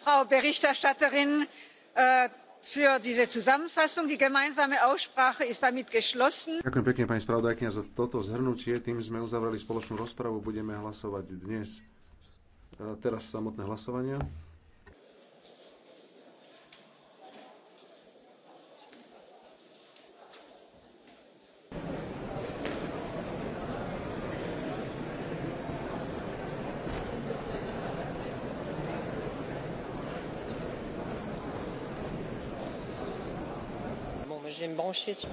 frau berichterstatterin äh, für diese zusammenfassung. die gemeinsame aussprache ist damit geschlossen. ďakujem pekne pani spravodajkyňa za toto zhrnutie. tým sme uzavreli spoločnú rozpravu. budeme hlasovať dnes. Äh, teraz samotné hlasovania. auschwitz.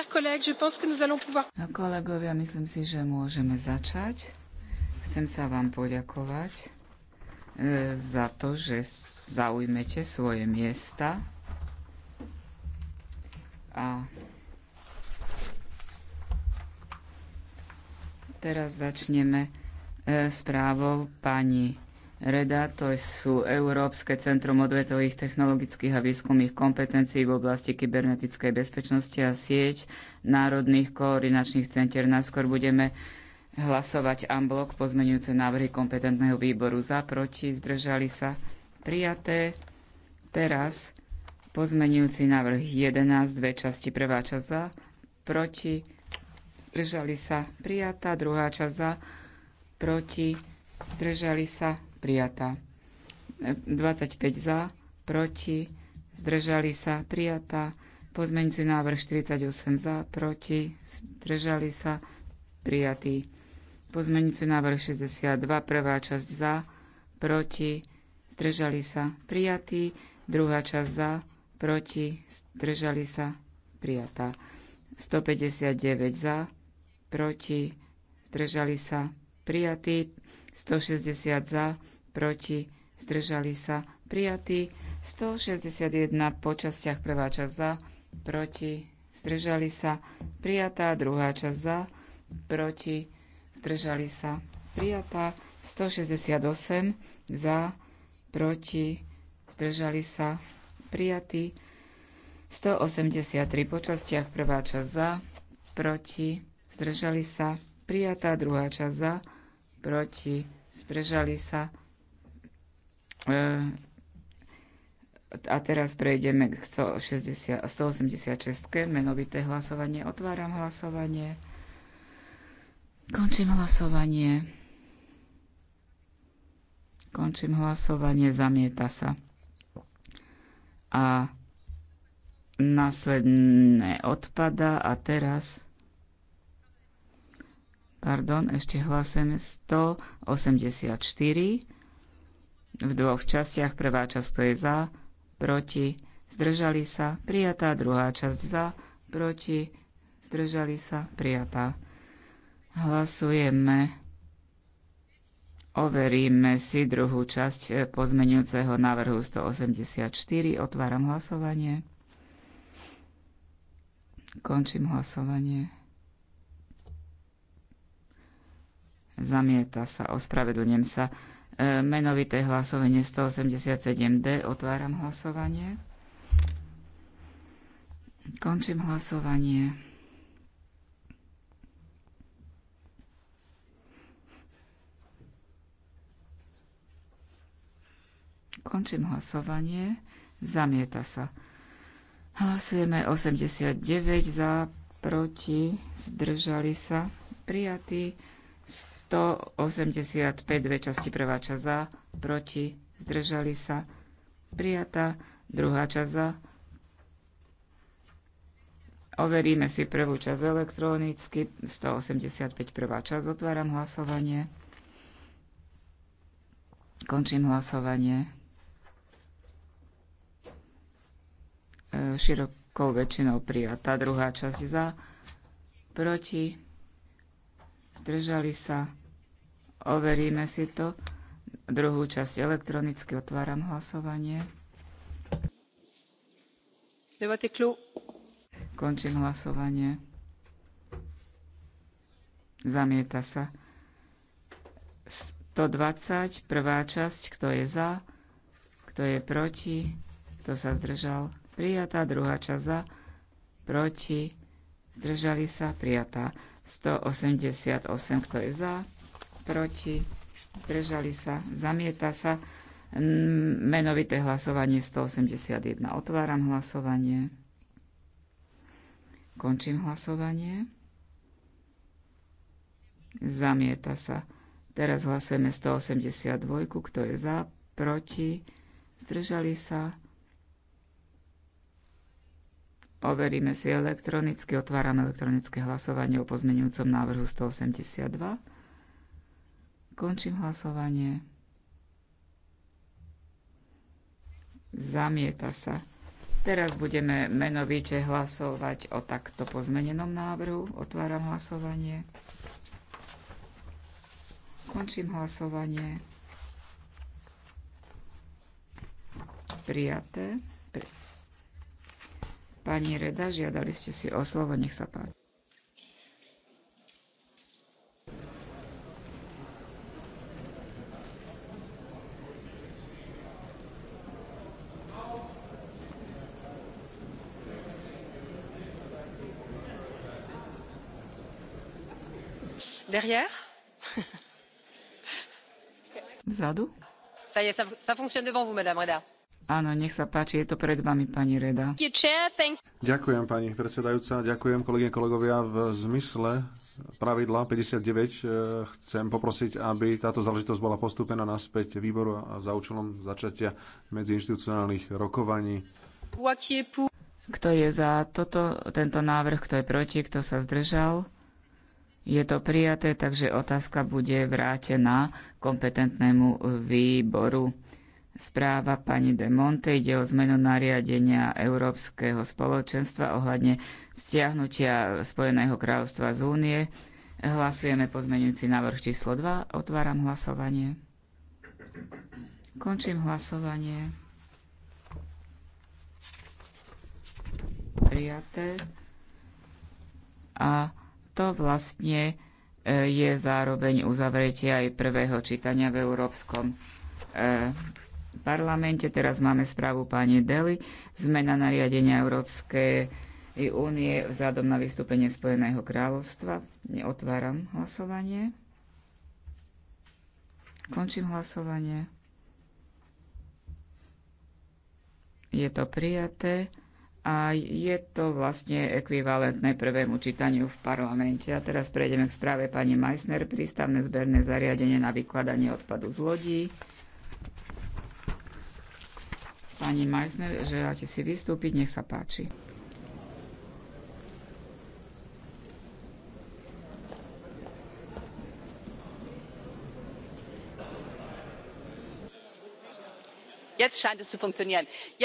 No, kolegovia, myslím si, že môžeme začať. Chcem sa vám poďakovať e, za to, že zaujmete svoje miesta. A teraz začneme e, správou pani REDA to sú Európske centrum odvetových technologických a výskumných kompetencií v oblasti kybernetickej bezpečnosti a sieť národných koordinačných centier. Náskôr budeme hlasovať amblok pozmenujúce návrhy kompetentného výboru za, proti, zdržali sa, prijaté. Teraz pozmenujúci návrh 11, dve časti, prvá časť za, proti, zdržali sa, prijatá, druhá časť za, proti, zdržali sa, prijatá. 25 za, proti, zdržali sa, prijatá. Pozmeňujúci návrh 48 za, proti, zdržali sa, prijatý. Pozmeňujúci návrh 62, prvá časť za, proti, zdržali sa, prijatý. Druhá časť za, proti, zdržali sa, prijatá. 159 za, proti, zdržali sa, prijatý. 160 za, proti, zdržali sa, prijatý. 161 po častiach, prvá časť za, proti, zdržali sa, prijatá, druhá časť za, proti, zdržali sa, prijatá. 168 za, proti, zdržali sa, prijatý. 183 po častiach, prvá časť za, proti, zdržali sa, prijatá, druhá časť za, proti, zdržali sa, E, a teraz prejdeme k 186. Menovité hlasovanie. Otváram hlasovanie. Končím hlasovanie. Končím hlasovanie. Zamieta sa. A následne odpada a teraz pardon, ešte hlasujeme 184 v dvoch častiach. Prvá časť to je za, proti, zdržali sa, prijatá. Druhá časť za, proti, zdržali sa, prijatá. Hlasujeme. Overíme si druhú časť eh, pozmenujúceho návrhu 184. Otváram hlasovanie. Končím hlasovanie. Zamieta sa, ospravedlňujem sa. E, menovité hlasovanie 187D. Otváram hlasovanie. Končím hlasovanie. Končím hlasovanie. Zamieta sa. Hlasujeme 89 za, proti, zdržali sa. Prijatý 185, dve časti, prvá časť za, proti, zdržali sa, prijatá, druhá časť za. Overíme si prvú časť elektronicky, 185, prvá časť, otváram hlasovanie. Končím hlasovanie. E, širokou väčšinou prijatá, druhá časť za, proti, zdržali sa, Overíme si to. Druhú časť elektronicky otváram hlasovanie. Končím hlasovanie. Zamieta sa. 120, prvá časť, kto je za, kto je proti, kto sa zdržal, prijatá, druhá časť za, proti, zdržali sa, prijatá. 188, kto je za, proti, zdržali sa, zamieta sa. Menovité hlasovanie 181. Otváram hlasovanie. Končím hlasovanie. Zamieta sa. Teraz hlasujeme 182. Kto je za, proti, zdržali sa. Overíme si elektronicky. Otváram elektronické hlasovanie o pozmenujúcom návrhu 182. Končím hlasovanie. Zamieta sa. Teraz budeme menovite hlasovať o takto pozmenenom návrhu. Otváram hlasovanie. Končím hlasovanie. Prijaté. Pani Reda, žiadali ste si o slovo, nech sa páči. Derrière Vzadu? Ça y est, ça, ça fonctionne devant vous, madame Reda. Áno, nech sa páči, je to pred vami, pani Reda. Ďakujem, pani predsedajúca, ďakujem, kolegyne, kolegovia. V zmysle pravidla 59 eh, chcem poprosiť, aby táto záležitosť bola postúpená naspäť výboru a za účelom začatia medziinstitucionálnych rokovaní. Kto je za toto, tento návrh, kto je proti, kto sa zdržal? Je to prijaté, takže otázka bude vrátená kompetentnému výboru. Správa pani de Monte ide o zmenu nariadenia Európskeho spoločenstva ohľadne stiahnutia Spojeného kráľovstva z únie. Hlasujeme pozmenujúci návrh číslo 2. Otváram hlasovanie. Končím hlasovanie. Prijaté. A to vlastne e, je zároveň uzavretie aj prvého čítania v Európskom e, parlamente. Teraz máme správu pani Deli. Zmena nariadenia Európskej únie vzhľadom na vystúpenie Spojeného kráľovstva. Otváram hlasovanie. Končím hlasovanie. Je to prijaté a je to vlastne ekvivalentné prvému čítaniu v parlamente. A teraz prejdeme k správe pani Meissner, prístavné zberné zariadenie na vykladanie odpadu z lodí. Pani Meissner, želáte si vystúpiť, nech sa páči.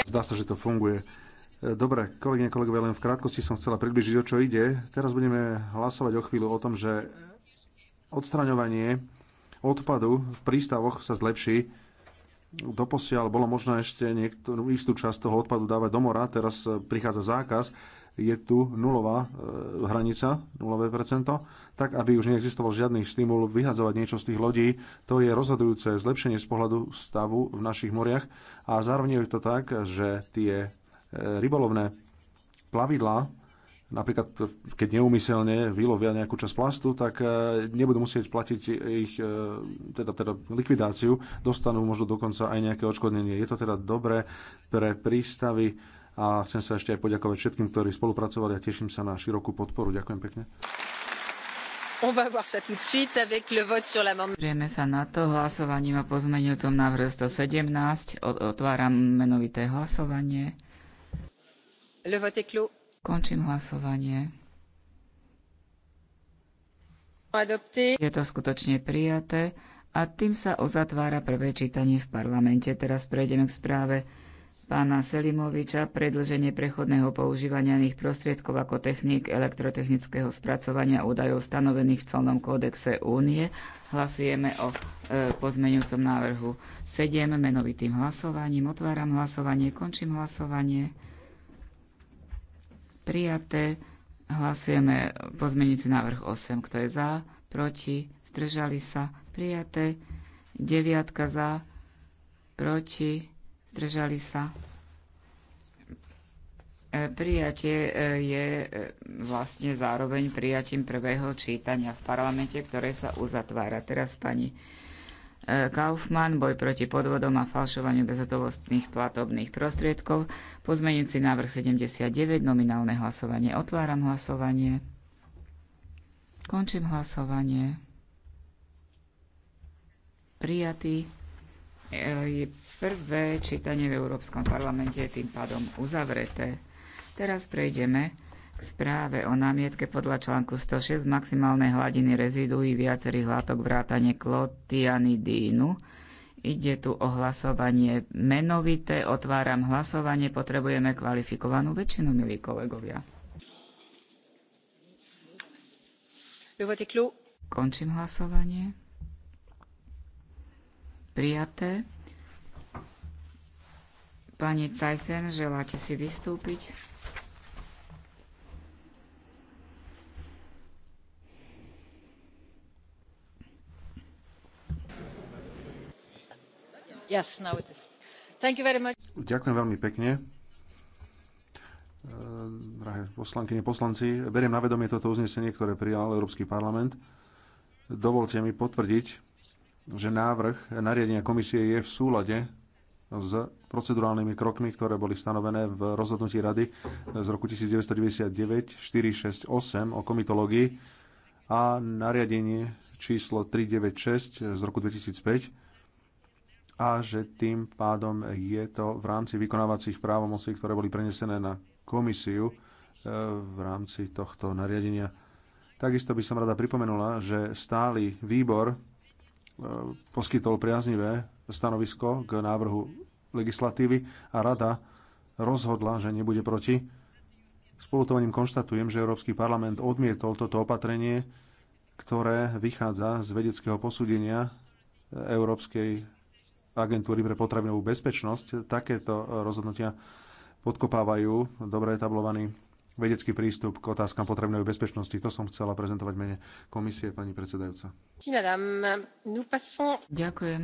Zdá sa, že to funguje. Dobre, kolegyne, kolegovia, len v krátkosti som chcela približiť, o čo ide. Teraz budeme hlasovať o chvíľu o tom, že odstraňovanie odpadu v prístavoch sa zlepší. Doposiaľ bolo možné ešte niektorú istú časť toho odpadu dávať do mora, teraz e, prichádza zákaz, je tu nulová e, hranica, nulové percento, tak aby už neexistoval žiadny stimul vyhadzovať niečo z tých lodí. To je rozhodujúce zlepšenie z pohľadu stavu v našich moriach a zároveň je to tak, že tie rybolovné plavidlá, napríklad keď neumyselne vylovia nejakú časť plastu, tak e, nebudú musieť platiť ich e, teda, teda likvidáciu, dostanú možno dokonca aj nejaké odškodnenie. Je to teda dobré pre prístavy a chcem sa ešte aj poďakovať všetkým, ktorí spolupracovali a teším sa na širokú podporu. Ďakujem pekne. Pozrieme sa na to hlasovaním a pozmeňujúcom návrhu 117. Otváram menovité hlasovanie. Končím hlasovanie. Je to skutočne prijaté a tým sa uzatvára prvé čítanie v parlamente. Teraz prejdeme k správe pána Selimoviča predlženie prechodného používania iných prostriedkov ako techník elektrotechnického spracovania údajov stanovených v celnom kódexe únie. Hlasujeme o e, pozmeňujúcom návrhu 7 menovitým hlasovaním. Otváram hlasovanie, končím hlasovanie prijaté. Hlasujeme pozmeňujúci návrh 8, kto je za, proti, zdržali sa, prijaté. Deviatka za, proti, zdržali sa. E, prijatie e, je e, vlastne zároveň prijatím prvého čítania v parlamente, ktoré sa uzatvára. Teraz pani E, Kaufmann, boj proti podvodom a falšovaniu bezhotovostných platobných prostriedkov, pozmenujúci návrh 79, nominálne hlasovanie. Otváram hlasovanie. Končím hlasovanie. Prijatý. E, je prvé čítanie v Európskom parlamente je tým pádom uzavreté. Teraz prejdeme k správe o námietke podľa článku 106 maximálnej hladiny reziduí viacerých látok vrátane klotianidínu. Ide tu o hlasovanie menovité. Otváram hlasovanie. Potrebujeme kvalifikovanú väčšinu, milí kolegovia. Končím hlasovanie. Prijaté. Pani Tyson, želáte si vystúpiť? Ďakujem veľmi pekne. Ehm, drahé poslankyne, poslanci, beriem na vedomie toto uznesenie, ktoré prijal Európsky parlament. Dovolte mi potvrdiť, že návrh nariadenia komisie je v súlade s procedurálnymi krokmi, ktoré boli stanovené v rozhodnutí Rady z roku 1999-468 o komitológii a nariadenie číslo 396 z roku 2005 a že tým pádom je to v rámci vykonávacích právomocí, ktoré boli prenesené na komisiu e, v rámci tohto nariadenia. Takisto by som rada pripomenula, že stály výbor e, poskytol priaznivé stanovisko k návrhu legislatívy a rada rozhodla, že nebude proti. Spolutovaním konštatujem, že Európsky parlament odmietol toto opatrenie, ktoré vychádza z vedeckého posúdenia Európskej agentúry pre potravinovú bezpečnosť. Takéto rozhodnutia podkopávajú dobre etablovaný vedecký prístup k otázkam potravinovej bezpečnosti. To som chcela prezentovať mene komisie, pani predsedajúca. Ďakujem.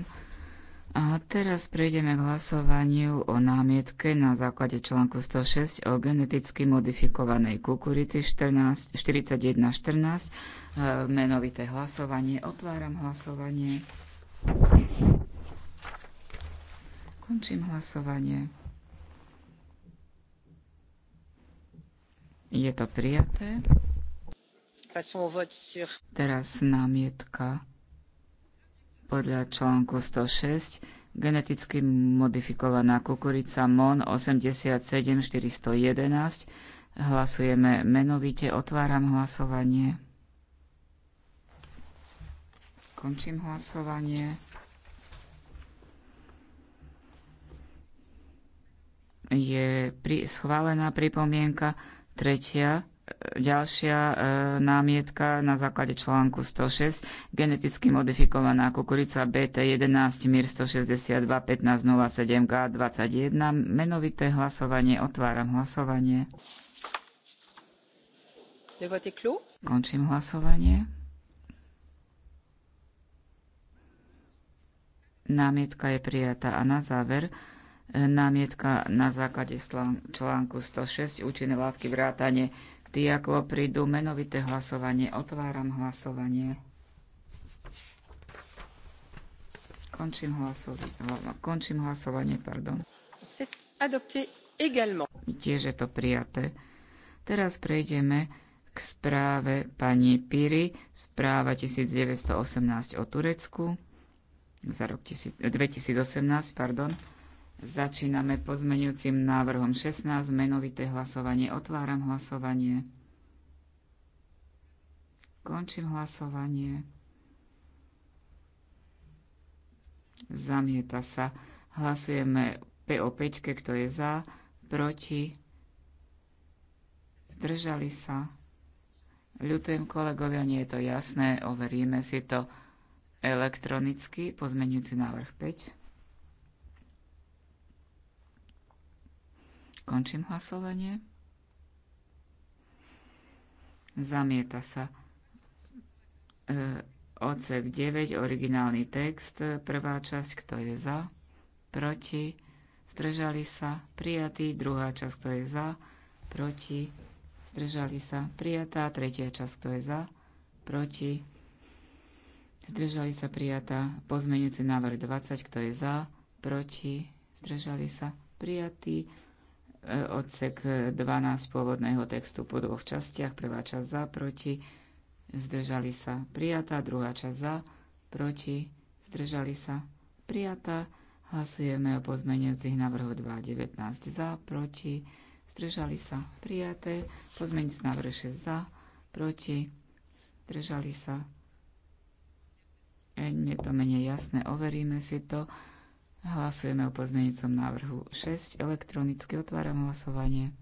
A teraz prejdeme k hlasovaniu o námietke na základe článku 106 o geneticky modifikovanej kukurici 14, 4114. E, menovité hlasovanie. Otváram hlasovanie. Končím hlasovanie. Je to prijaté. Teraz námietka podľa článku 106 geneticky modifikovaná kukurica MON 87411. Hlasujeme menovite. Otváram hlasovanie. Končím hlasovanie. je pri, schválená pripomienka, tretia, e, ďalšia e, námietka na základe článku 106, geneticky modifikovaná kukurica BT11 MIR 162 1507 K21, menovité hlasovanie, otváram hlasovanie. Končím hlasovanie. Námietka je prijatá a na záver námietka na základe článku 106 účinné látky vrátane Diaklo prídu menovité hlasovanie. Otváram hlasovanie. Končím, hlasovanie. Končím hlasovanie, pardon. Tiež je to prijaté. Teraz prejdeme k správe pani Piri, správa 1918 o Turecku za rok 2018, pardon. Začíname pozmenujúcim návrhom 16, menovité hlasovanie. Otváram hlasovanie. Končím hlasovanie. Zamieta sa. Hlasujeme o 5, kto je za, proti, zdržali sa. Ľutujem kolegovia, nie je to jasné, overíme si to elektronicky, Pozmeňujúci návrh 5. Končím hlasovanie. Zamieta sa e, odsek 9, originálny text, e, prvá časť, kto je za, proti, zdržali sa, prijatý, druhá časť, kto je za, proti, zdržali sa, prijatá, tretia časť, kto je za, proti, zdržali sa, prijatá, pozmenujúci návrh 20, kto je za, proti, zdržali sa, prijatý, E, odsek 12 pôvodného textu po dvoch častiach. Prvá časť za, proti, zdržali sa, prijatá. Druhá časť za, proti, zdržali sa, prijatá. Hlasujeme o pozmeňujúcich návrhu 2.19 za, proti, zdržali sa, prijaté. Pozmeňujúci návrh 6 za, proti, zdržali sa. E, je to menej jasné, overíme si to. Hlasujeme o pozmeňujúcom návrhu 6. Elektronicky otváram hlasovanie.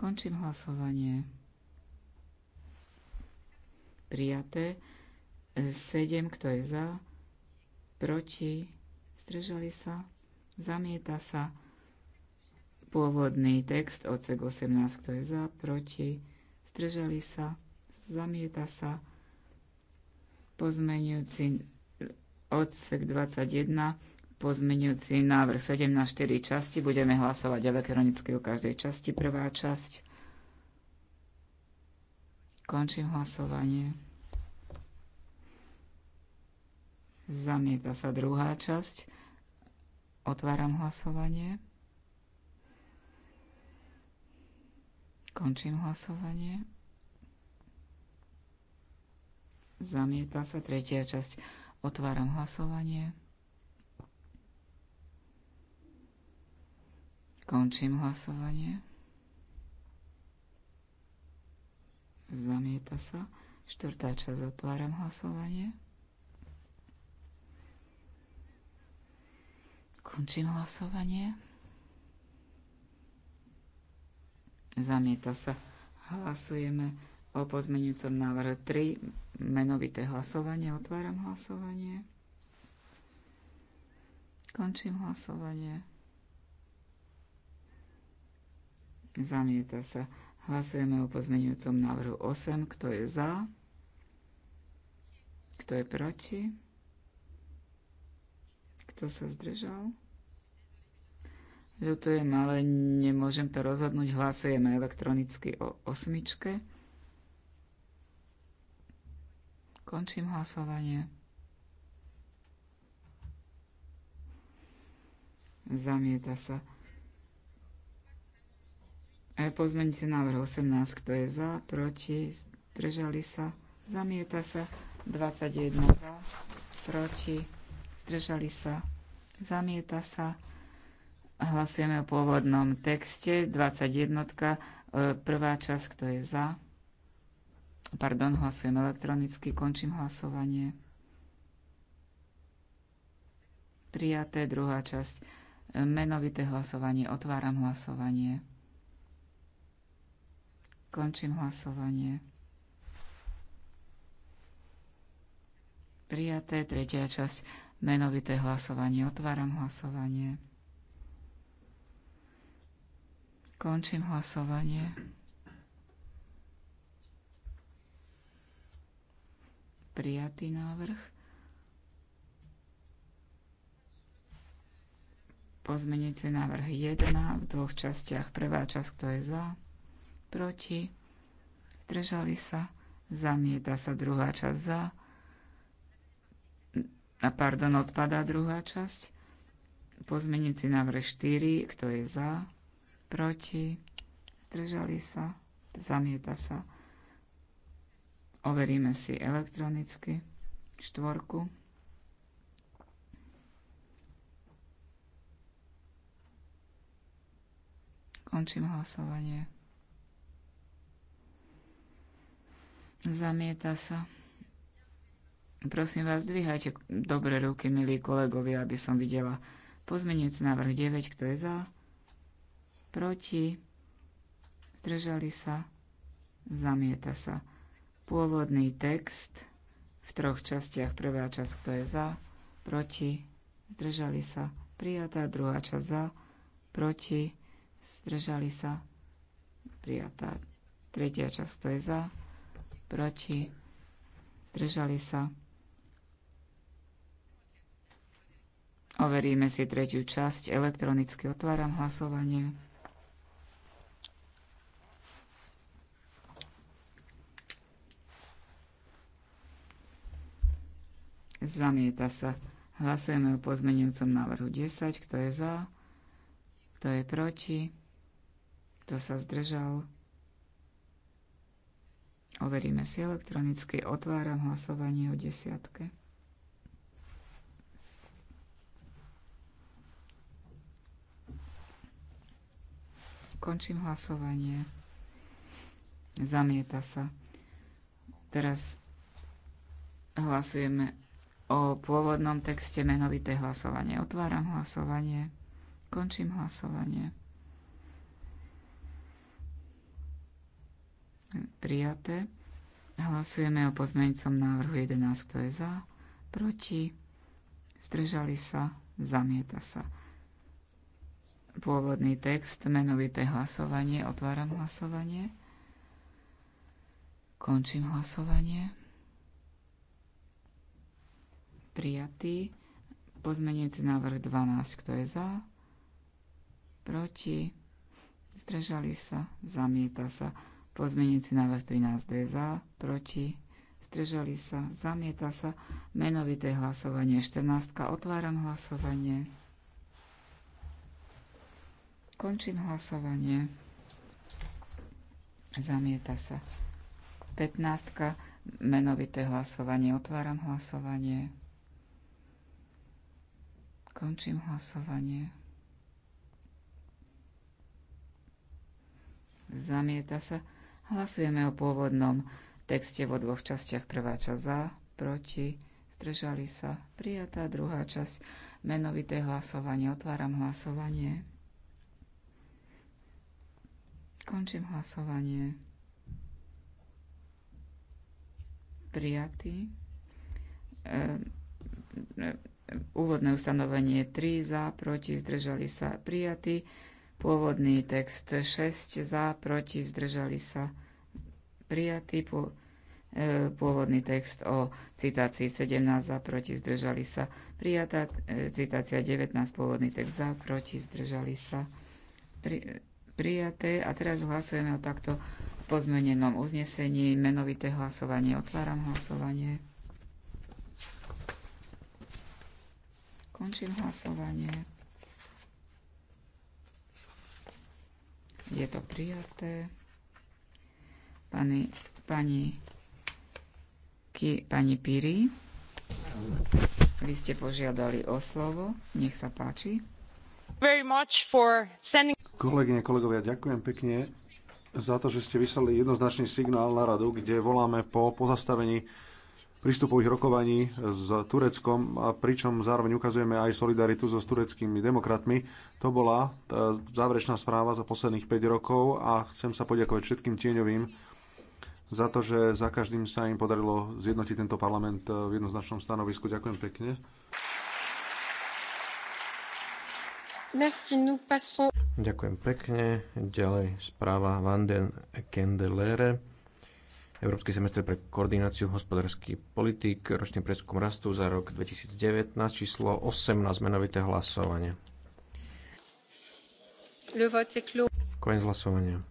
Končím hlasovanie. Prijaté. 7. Kto je za? Proti? Zdržali sa? Zamieta sa? Pôvodný text, odsek 18. Kto je za? Proti? Zdržali sa? Zamieta sa? Pozmeňujúci odsek 21, pozmeňujúci návrh 7 na 4 časti. Budeme hlasovať elektronicky o každej časti. Prvá časť. Končím hlasovanie. Zamieta sa druhá časť. Otváram hlasovanie. Končím hlasovanie. Zamieta sa tretia časť. Otváram hlasovanie. Končím hlasovanie. Zamieta sa. Štvrtá časť otváram hlasovanie. Končím hlasovanie. Zamieta sa. Hlasujeme o pozmeňujúcom návrhu 3 menovité hlasovanie. Otváram hlasovanie. Končím hlasovanie. Zamieta sa. Hlasujeme o pozmeňujúcom návrhu 8. Kto je za? Kto je proti? Kto sa zdržal? Ľutujem, ale nemôžem to rozhodnúť. Hlasujeme elektronicky o osmičke. Končím hlasovanie. Zamieta sa. E, pozmeňte návrh 18, kto je za, proti, zdržali sa, zamieta sa, 21 za, proti, zdržali sa, zamieta sa. Hlasujeme o pôvodnom texte, 21, e, prvá časť, kto je za, Pardon, hlasujem elektronicky, končím hlasovanie. Prijaté druhá časť. Menovité hlasovanie. Otváram hlasovanie. Končím hlasovanie. Prijaté tretia časť. Menovité hlasovanie. Otváram hlasovanie. Končím hlasovanie. prijatý návrh. Pozmenujúci návrh 1 v dvoch častiach. Prvá časť, kto je za, proti, zdržali sa, zamieta sa druhá časť za, a pardon, odpadá druhá časť. Pozmenujúci návrh 4, kto je za, proti, zdržali sa, zamieta sa. Overíme si elektronicky štvorku. Končím hlasovanie. Zamieta sa. Prosím vás, dvíhajte dobre ruky, milí kolegovia, aby som videla pozmeniec návrh 9, kto je za, proti, zdržali sa, zamieta sa. Pôvodný text v troch častiach. Prvá časť, kto je za, proti, zdržali sa, prijatá. Druhá časť za, proti, zdržali sa, prijatá. Tretia časť, kto je za, proti, zdržali sa. Overíme si tretiu časť. Elektronicky otváram hlasovanie. Zamieta sa. Hlasujeme o pozmenujúcom návrhu 10. Kto je za? Kto je proti? Kto sa zdržal? Overíme si elektronicky. Otváram hlasovanie o desiatke. Končím hlasovanie. Zamieta sa. Teraz hlasujeme o pôvodnom texte menovité hlasovanie. Otváram hlasovanie. Končím hlasovanie. Prijaté. Hlasujeme o pozmeňcom návrhu 11, kto je za, proti, zdržali sa, zamieta sa. Pôvodný text, menovité hlasovanie, otváram hlasovanie, končím hlasovanie prijatý. Pozmenujúci návrh 12, kto je za, proti, zdržali sa, zamieta sa. Pozmenujúci návrh 13, kto je za, proti, zdržali sa, zamieta sa. Menovité hlasovanie 14, otváram hlasovanie. Končím hlasovanie. Zamieta sa. 15. Menovité hlasovanie. Otváram hlasovanie. Končím hlasovanie. Zamieta sa. Hlasujeme o pôvodnom texte vo dvoch častiach. Prvá časť za, proti, zdržali sa. Prijatá druhá časť. Menovité hlasovanie. Otváram hlasovanie. Končím hlasovanie. Prijatý. E, úvodné ustanovenie 3 za, proti, zdržali sa prijatí. Pôvodný text 6 za, proti, zdržali sa prijatý, Pôvodný text e, o citácii 17 za, proti, zdržali sa prijatá. E, citácia 19, pôvodný text za, proti, zdržali sa pri, prijaté. A teraz hlasujeme o takto pozmenenom uznesení. Menovité hlasovanie. Otváram hlasovanie. Končím hlasovanie. Je to prijaté. Pani, pani, ki, pani Piri, vy ste požiadali o slovo. Nech sa páči. Sending... Kolegyne, kolegovia, ďakujem pekne za to, že ste vyslali jednoznačný signál na radu, kde voláme po pozastavení prístupových rokovaní s Tureckom, a pričom zároveň ukazujeme aj solidaritu so s tureckými demokratmi. To bola e, záverečná správa za posledných 5 rokov a chcem sa poďakovať všetkým tieňovým za to, že za každým sa im podarilo zjednotiť tento parlament e, v jednoznačnom stanovisku. Ďakujem pekne. Merci, nous passons... Ďakujem pekne. Ďalej správa Vanden Kendelere Európsky semestr pre koordináciu hospodárskych politík, ročný preskum rastu za rok 2019, číslo 18, menovité hlasovanie. Koniec hlasovania.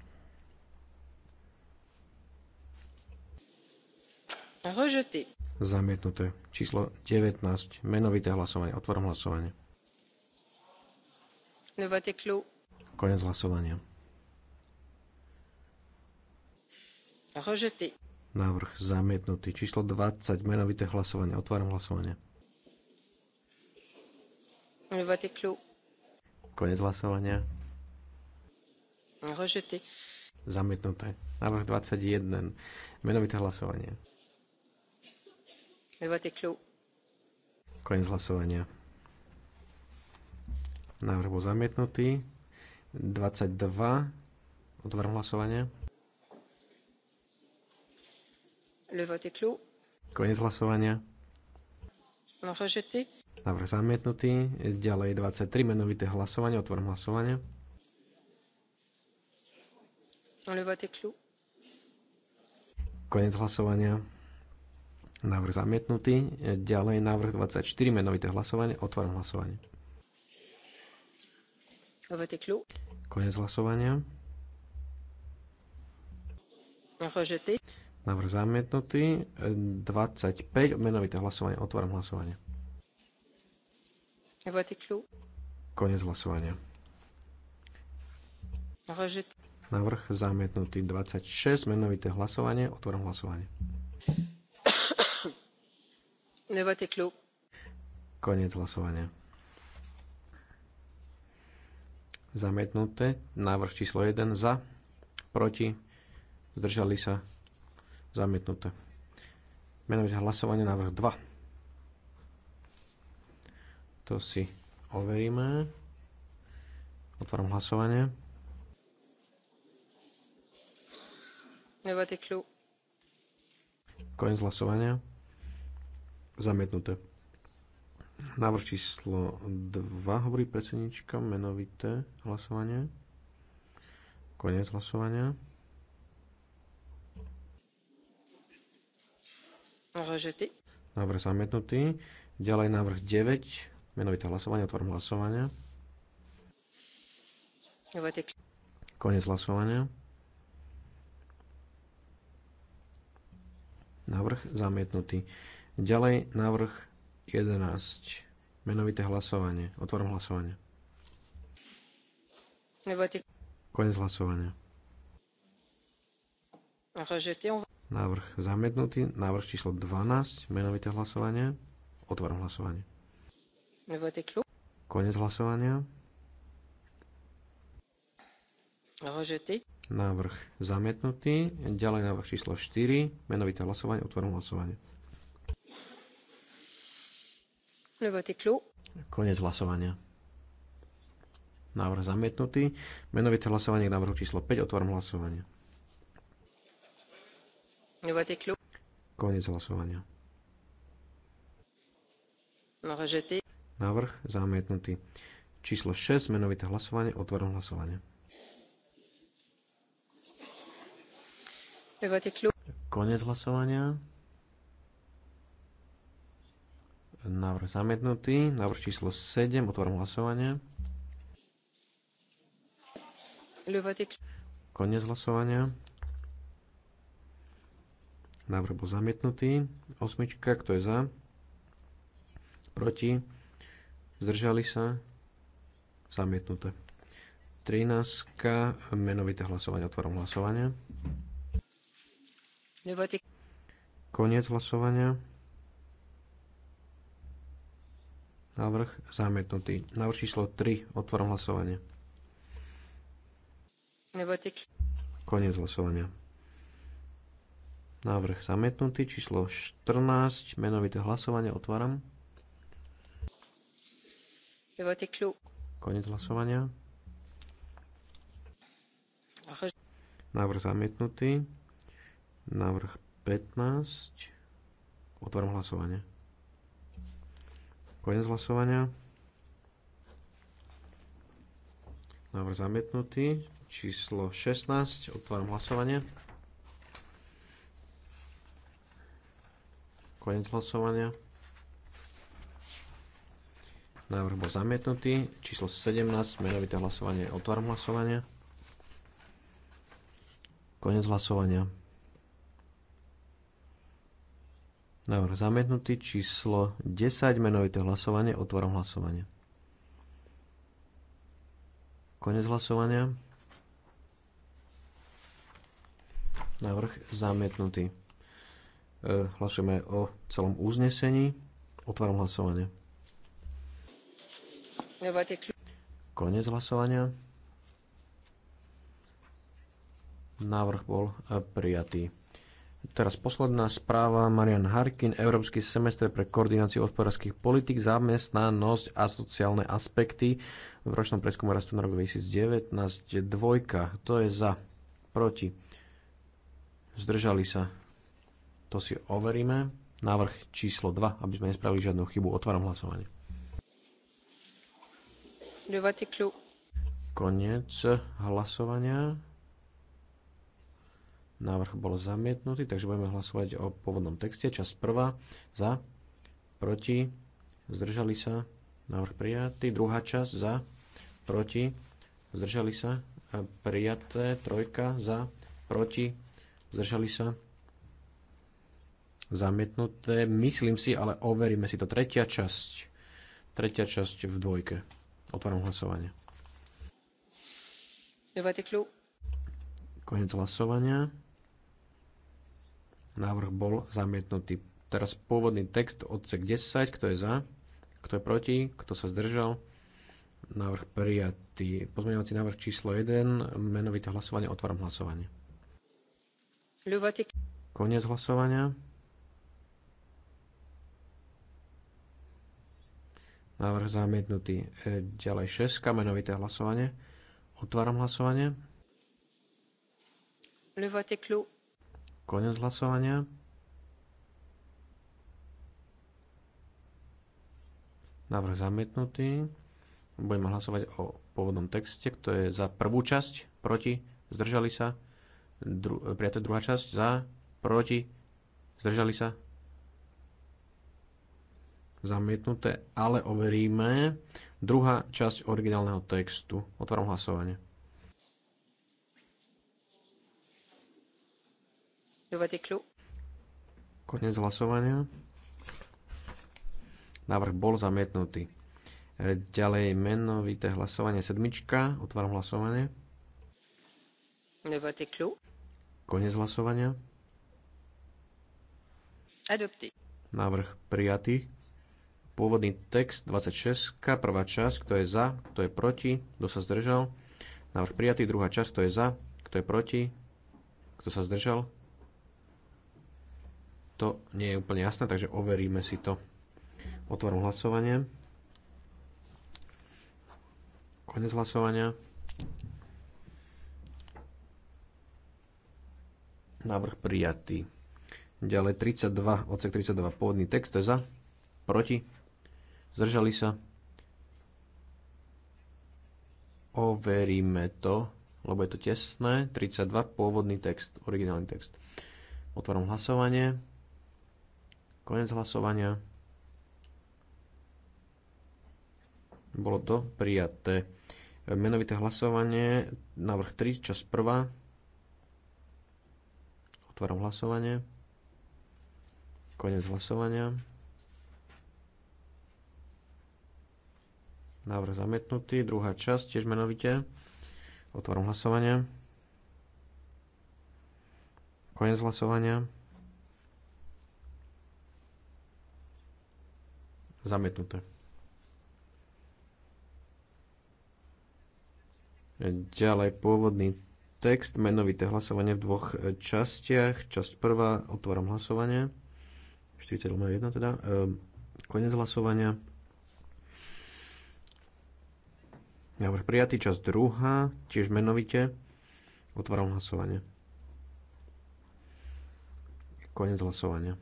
Rejeté. Zamietnuté. Číslo 19, menovité hlasovanie. Otvorom hlasovanie. Le vote Koniec hlasovania. Rejeté. Návrh zamietnutý. Číslo 20. Menovité hlasovanie. Otváram hlasovanie. Konec hlasovania. Rejeté. Zamietnuté. Návrh 21. Menovité hlasovanie. Konec hlasovania. Návrh bol zamietnutý. 22. Otváram hlasovanie. Le vote est clos. Konec hlasovania. Le rejeté. Návrh zamietnutý. Ďalej 23 menovité hlasovanie. Otvorím hlasovanie. Le vote est clos. Konec hlasovania. Návrh zamietnutý. Ďalej návrh 24, menovité hlasovanie. Otvorím hlasovanie. clos. Konec hlasovania. Rejeté. Návrh zamietnutý. 25. Menovité hlasovanie. Otváram hlasovanie. Konec hlasovania. Návrh zamietnutý. 26. Menovité hlasovanie. Otváram hlasovanie. Konec hlasovania. Zamietnuté. Návrh číslo 1 za, proti, zdržali sa, Zamietnuté. Menovite hlasovanie návrh 2. To si overíme. Otváram hlasovanie. Koniec hlasovania. Zamietnuté. Návrh číslo 2 hovorí predsednička, menovité hlasovanie. Koniec hlasovania. Rejeté. Návrh zamietnutý. Ďalej návrh 9. Menovité hlasovanie. Otvorím hlasovanie. Konec hlasovania. Návrh zamietnutý. Ďalej návrh 11. Menovité hlasovanie. Otvorím hlasovanie. Konec hlasovania. Návrh zamietnutý. Návrh číslo 12, menovité hlasovanie. Otváram hlasovanie. Konec hlasovania. Rejeté. Návrh zamietnutý. Ďalej návrh číslo 4, menovité hlasovanie. otvorím hlasovanie. Le vote Konec hlasovania. Návrh zamietnutý. Menovité hlasovanie k návrhu číslo 5. otvorím hlasovanie. Konec hlasovania. Návrh zamietnutý. Číslo 6, menovité hlasovanie, otvorom hlasovanie. Konec hlasovania. Návrh zamietnutý. Návrh číslo 7, otvorom hlasovanie. Konec hlasovania. Návrh bol zamietnutý. Osmička, kto je za? Proti? Zdržali sa? Zamietnuté. 13. Menovité hlasovanie. Otvorom hlasovania. Koniec hlasovania. Návrh zamietnutý. Návrh číslo 3. Otvorom hlasovanie. Koniec hlasovania. Návrh zamietnutý. Číslo 14. Menovité hlasovanie. Otváram. Konec hlasovania. Návrh zamietnutý. Návrh 15. Otváram hlasovanie. Konec hlasovania. Návrh zamietnutý. Číslo 16. Otváram hlasovanie. Koniec hlasovania. Návrh bol zamietnutý. Číslo 17, menovité hlasovanie. Otváram hlasovanie. Koniec hlasovania. Návrh zamietnutý. Číslo 10, menovité hlasovanie. Otváram hlasovanie. Koniec hlasovania. Návrh zamietnutý. Hlasujeme o celom uznesení. Otváram hlasovanie. Konec hlasovania. Návrh bol prijatý. Teraz posledná správa. Marian Harkin, Európsky semestr pre koordináciu hospodárskych politik, zamestnanosť a sociálne aspekty v ročnom preskumu rastu na rok 2019. Dvojka. To je za. Proti. Zdržali sa. To si overíme. Návrh číslo 2, aby sme nespravili žiadnu chybu. Otváram hlasovanie. Konec hlasovania. Návrh bol zamietnutý, takže budeme hlasovať o pôvodnom texte. Čas prvá za, proti, zdržali sa, návrh prijatý. Druhá časť za, proti, zdržali sa, prijaté. Trojka za, proti, zdržali sa, zamietnuté. Myslím si, ale overíme si to. Tretia časť. Tretia časť v dvojke. Otváram hlasovanie. Konec hlasovania. Návrh bol zamietnutý. Teraz pôvodný text odsek 10. Kto je za? Kto je proti? Kto sa zdržal? Návrh prijatý. Pozmeňovací návrh číslo 1. Menovité hlasovanie. Otváram hlasovanie. Koniec hlasovania. Návrh zamietnutý. E, ďalej 6. Kamenovité hlasovanie. Otváram hlasovanie. Le vote est clos. Konec hlasovania. Návrh zamietnutý. Budeme hlasovať o pôvodnom texte, kto je za prvú časť, proti, zdržali sa. Dru- prijaté druhá časť, za, proti, zdržali sa, zamietnuté, ale overíme. Druhá časť originálneho textu. Otváram hlasovanie. Konec hlasovania. Návrh bol zamietnutý. Ďalej menovité hlasovanie sedmička. Otváram hlasovanie. Konec hlasovania. Adopté. Návrh prijatý. Pôvodný text 26, prvá časť, kto je za, kto je proti, kto sa zdržal. Návrh prijatý, druhá časť, kto je za, kto je proti, kto sa zdržal. To nie je úplne jasné, takže overíme si to. Otvorím hlasovanie. Konec hlasovania. Návrh prijatý. Ďalej 32, odsek 32, pôvodný text, to je za, proti, Zdržali sa? Overíme to, lebo je to tesné. 32, pôvodný text, originálny text. Otváram hlasovanie. Konec hlasovania. Bolo to prijaté. Menovité hlasovanie, návrh 3, čas 1. Otváram hlasovanie. Konec hlasovania. Návrh zamietnutý. Druhá časť, tiež menovite. Otvorom hlasovanie. Koniec hlasovania. Zamietnuté. Ďalej pôvodný text, menovité hlasovanie v dvoch častiach. Časť prvá, otvorom hlasovanie. 41 teda. Ehm, Konec hlasovania. Návrh prijatý, časť druhá, tiež menovite. Otváram hlasovanie. Konec hlasovania.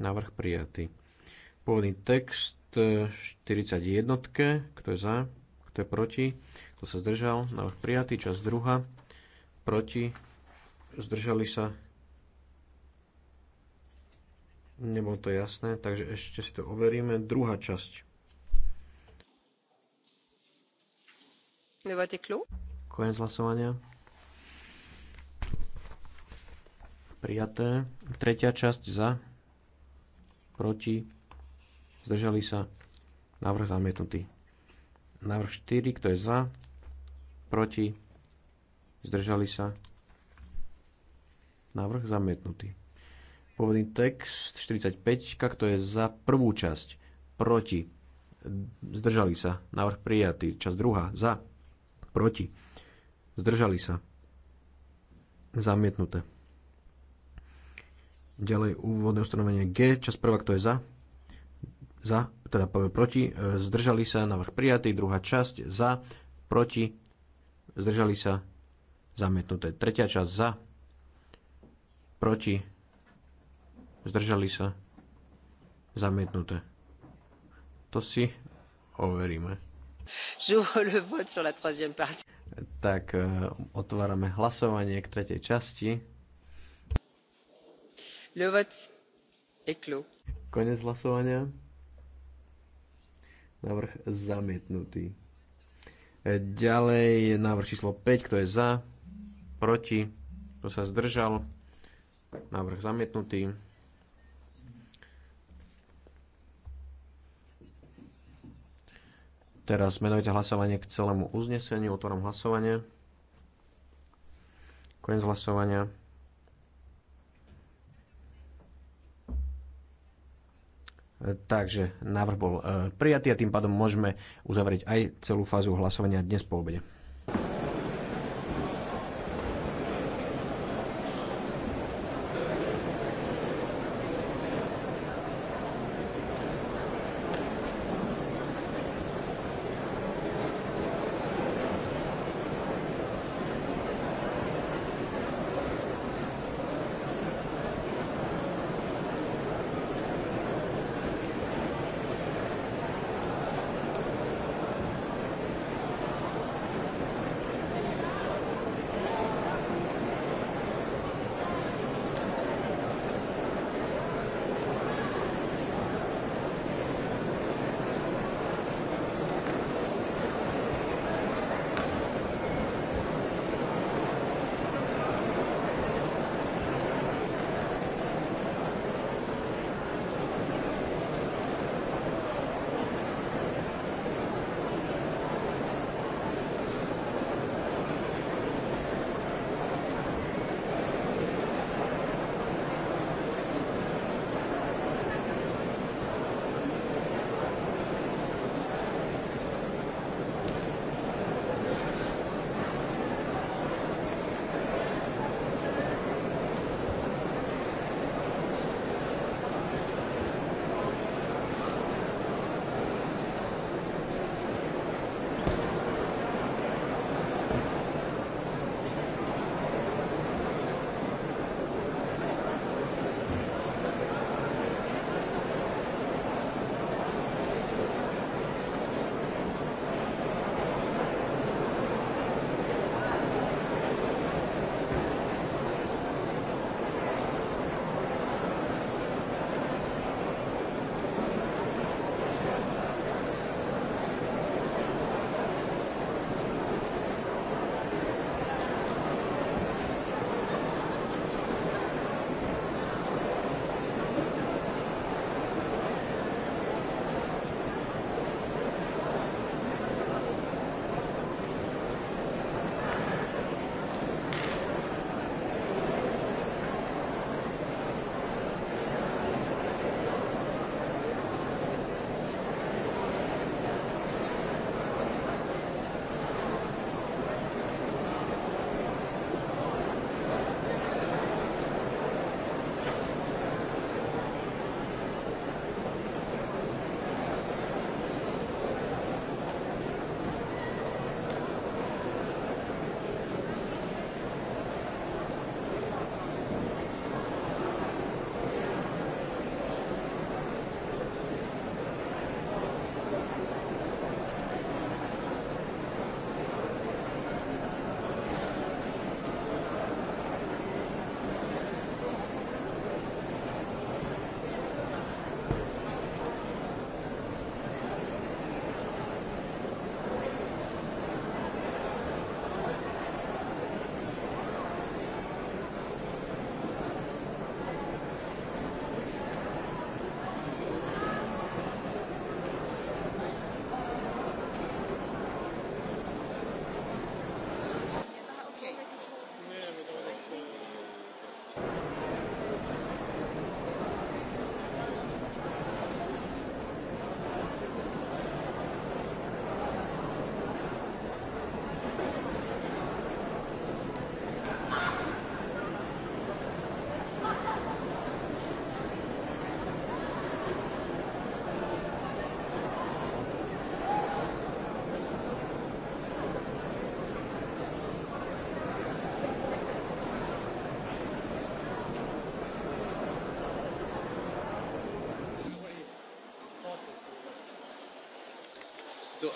Návrh prijatý. Pôvodný text 41. E, Kto je za? Kto je proti? Kto sa zdržal? Návrh prijatý. Časť druhá. Proti? Zdržali sa? Nebolo to jasné, takže ešte si to overíme. Druhá časť. Koniec hlasovania. Prijaté. Tretia časť za. Proti. Zdržali sa. Návrh zamietnutý. Návrh 4, kto je za? Proti? Zdržali sa? Návrh zamietnutý. Pôvodný text 45, to je za prvú časť, proti, zdržali sa, návrh prijatý, časť druhá, za, proti, zdržali sa, zamietnuté. Ďalej úvodné ustanovenie G, Čas prvá, kto je za, za, teda proti, e, zdržali sa, návrh prijatý, druhá časť, za, proti, zdržali sa, zamietnuté. Tretia časť za, proti, zdržali sa, zamietnuté. To si overíme. Tak e, otvárame hlasovanie k tretej časti. Le vote est clos. Konec hlasovania. Návrh zamietnutý. E, ďalej je návrh číslo 5, kto je za, proti, kto sa zdržal. Návrh zamietnutý. Teraz menovite hlasovanie k celému uzneseniu. otvorím hlasovanie. Koniec hlasovania. E, takže návrh bol e, prijatý a tým pádom môžeme uzavrieť aj celú fázu hlasovania dnes po obede.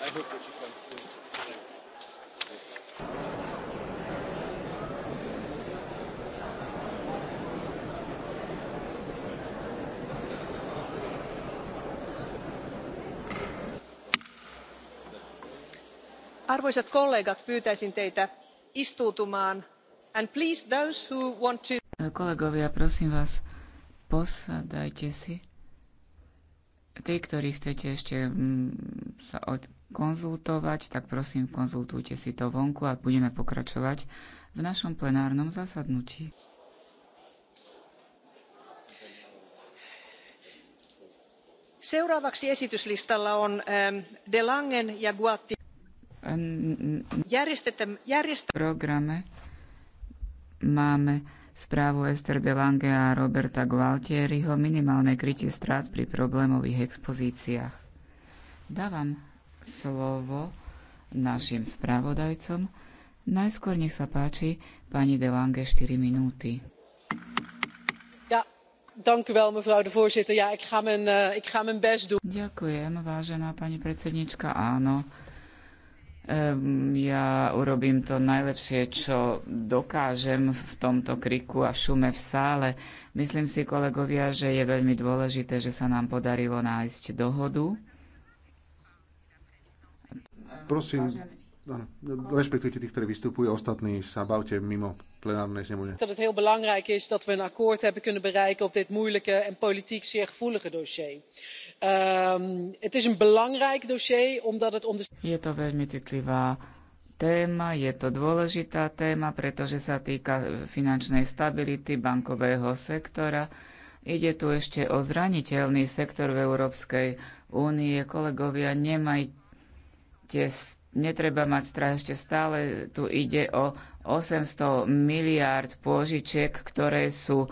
I hope that she comes soon. Arvoisat kollegat, pyytäisin teitä istuutumaan. And please those who want to... Kolegovia, prosím vás, posadajte si. Tí, ktorí chcete ešte mm, sa od, konzultovať, tak prosím, konzultujte si to vonku a budeme pokračovať v našom plenárnom zasadnutí. Seuraavaksi esityslistalla on ähm, De Langen ja Guatti programe máme správu Ester de Lange a Roberta Gualtieriho minimálne krytie strát pri problémových expozíciách. Dávam slovo našim spravodajcom. Najskôr nech sa páči pani Delange 4 minúty. Eh, Ďakujem, vážená pani predsednička. Áno, ehm, ja urobím to najlepšie, čo dokážem v tomto kriku a šume v sále. Myslím si, kolegovia, že je veľmi dôležité, že sa nám podarilo nájsť dohodu Prosím, áno, rešpektujte tých, ktorí vystupujú, ostatní sa bavte mimo plenárnej zemune. Dat het heel belangrijk is dat we een akkoord hebben kunnen bereiken op dit moeilijke en politiek zeer gevoelige dossier. Um, het is een belangrijk dossier omdat het om de... Je to veľmi citlivá téma, je to dôležitá téma, pretože sa týka finančnej stability bankového sektora. Ide tu ešte o zraniteľný sektor v Európskej únie. Kolegovia, nemajte ešte netreba mať strach, ešte stále tu ide o 800 miliárd pôžičiek, ktoré sú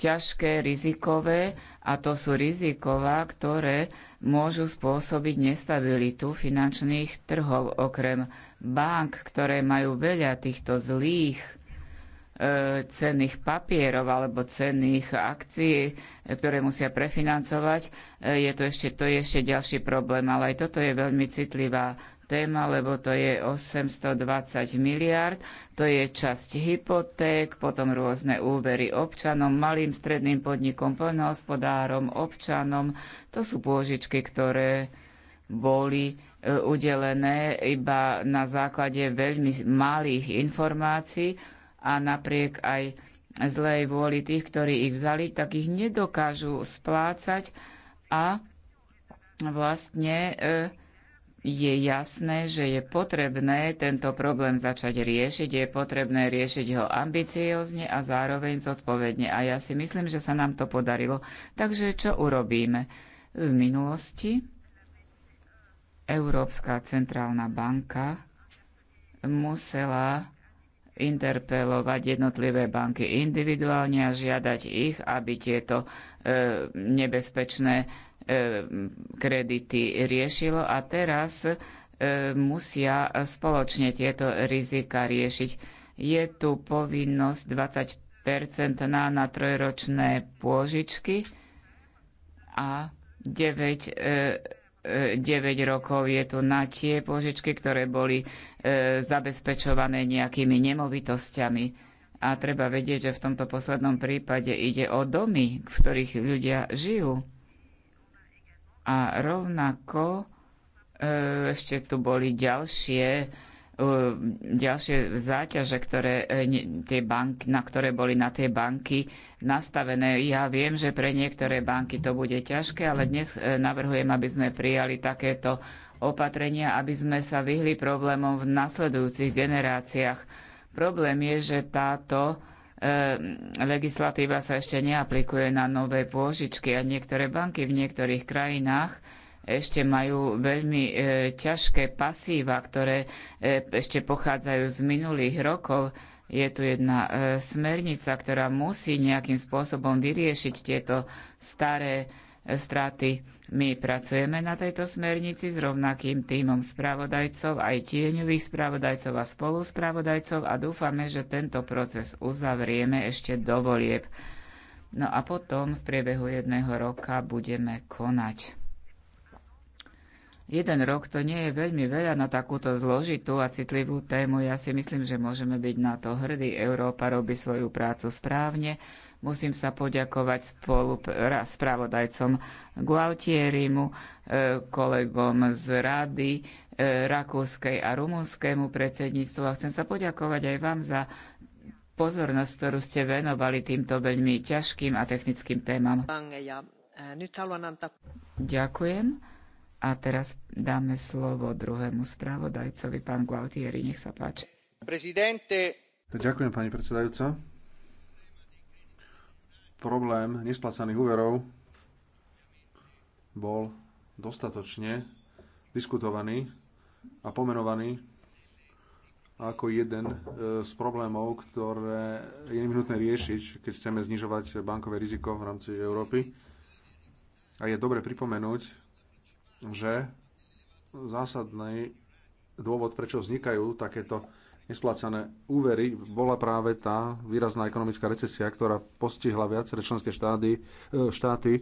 ťažké, rizikové a to sú riziková, ktoré môžu spôsobiť nestabilitu finančných trhov. Okrem bank, ktoré majú veľa týchto zlých e, cenných papierov alebo cenných akcií, ktoré musia prefinancovať, e, je to ešte, to je ešte ďalší problém, ale aj toto je veľmi citlivá téma, lebo to je 820 miliard, to je časť hypoték, potom rôzne úvery občanom, malým stredným podnikom, plnohospodárom, občanom. To sú pôžičky, ktoré boli e, udelené iba na základe veľmi malých informácií a napriek aj zlej vôli tých, ktorí ich vzali, tak ich nedokážu splácať a vlastne e, je jasné, že je potrebné tento problém začať riešiť, je potrebné riešiť ho ambiciozne a zároveň zodpovedne. A ja si myslím, že sa nám to podarilo. Takže čo urobíme? V minulosti Európska centrálna banka musela interpelovať jednotlivé banky individuálne a žiadať ich, aby tieto e, nebezpečné E, kredity riešilo a teraz e, musia spoločne tieto rizika riešiť. Je tu povinnosť 20 na, na trojročné pôžičky a 9, 9 e, rokov je tu na tie pôžičky, ktoré boli zabezpečované nejakými nemovitosťami. A treba vedieť, že v tomto poslednom prípade ide o domy, v ktorých ľudia žijú a rovnako e, ešte tu boli ďalšie e, ďalšie záťaže, ktoré, e, tie banky, na ktoré boli na tie banky nastavené. Ja viem, že pre niektoré banky to bude ťažké, ale dnes navrhujem, aby sme prijali takéto opatrenia, aby sme sa vyhli problémom v nasledujúcich generáciách. Problém je, že táto Ehm, legislatíva sa ešte neaplikuje na nové pôžičky a niektoré banky v niektorých krajinách ešte majú veľmi e, ťažké pasíva, ktoré e, ešte pochádzajú z minulých rokov. Je tu jedna e, smernica, ktorá musí nejakým spôsobom vyriešiť tieto staré e, straty. My pracujeme na tejto smernici s rovnakým týmom spravodajcov, aj tieňových spravodajcov a spoluspravodajcov a dúfame, že tento proces uzavrieme ešte do volieb. No a potom v priebehu jedného roka budeme konať. Jeden rok to nie je veľmi veľa na takúto zložitú a citlivú tému. Ja si myslím, že môžeme byť na to hrdí. Európa robí svoju prácu správne Musím sa poďakovať spolu spravodajcom Gualtierimu, e, kolegom z Rady, e, rakúskej a rumúnskému predsedníctvu a chcem sa poďakovať aj vám za pozornosť, ktorú ste venovali týmto veľmi ťažkým a technickým témam. Ďakujem. A teraz dáme slovo druhému správodajcovi, pán Gualtieri, nech sa páči. Prezidente... Ďakujem, pani predsedajúca problém nesplacaných úverov bol dostatočne diskutovaný a pomenovaný ako jeden e, z problémov, ktoré je nevyhnutné riešiť, keď chceme znižovať bankové riziko v rámci Európy. A je dobre pripomenúť, že zásadný dôvod, prečo vznikajú takéto nesplácané úvery bola práve tá výrazná ekonomická recesia, ktorá postihla viaceré členské štády, e, štáty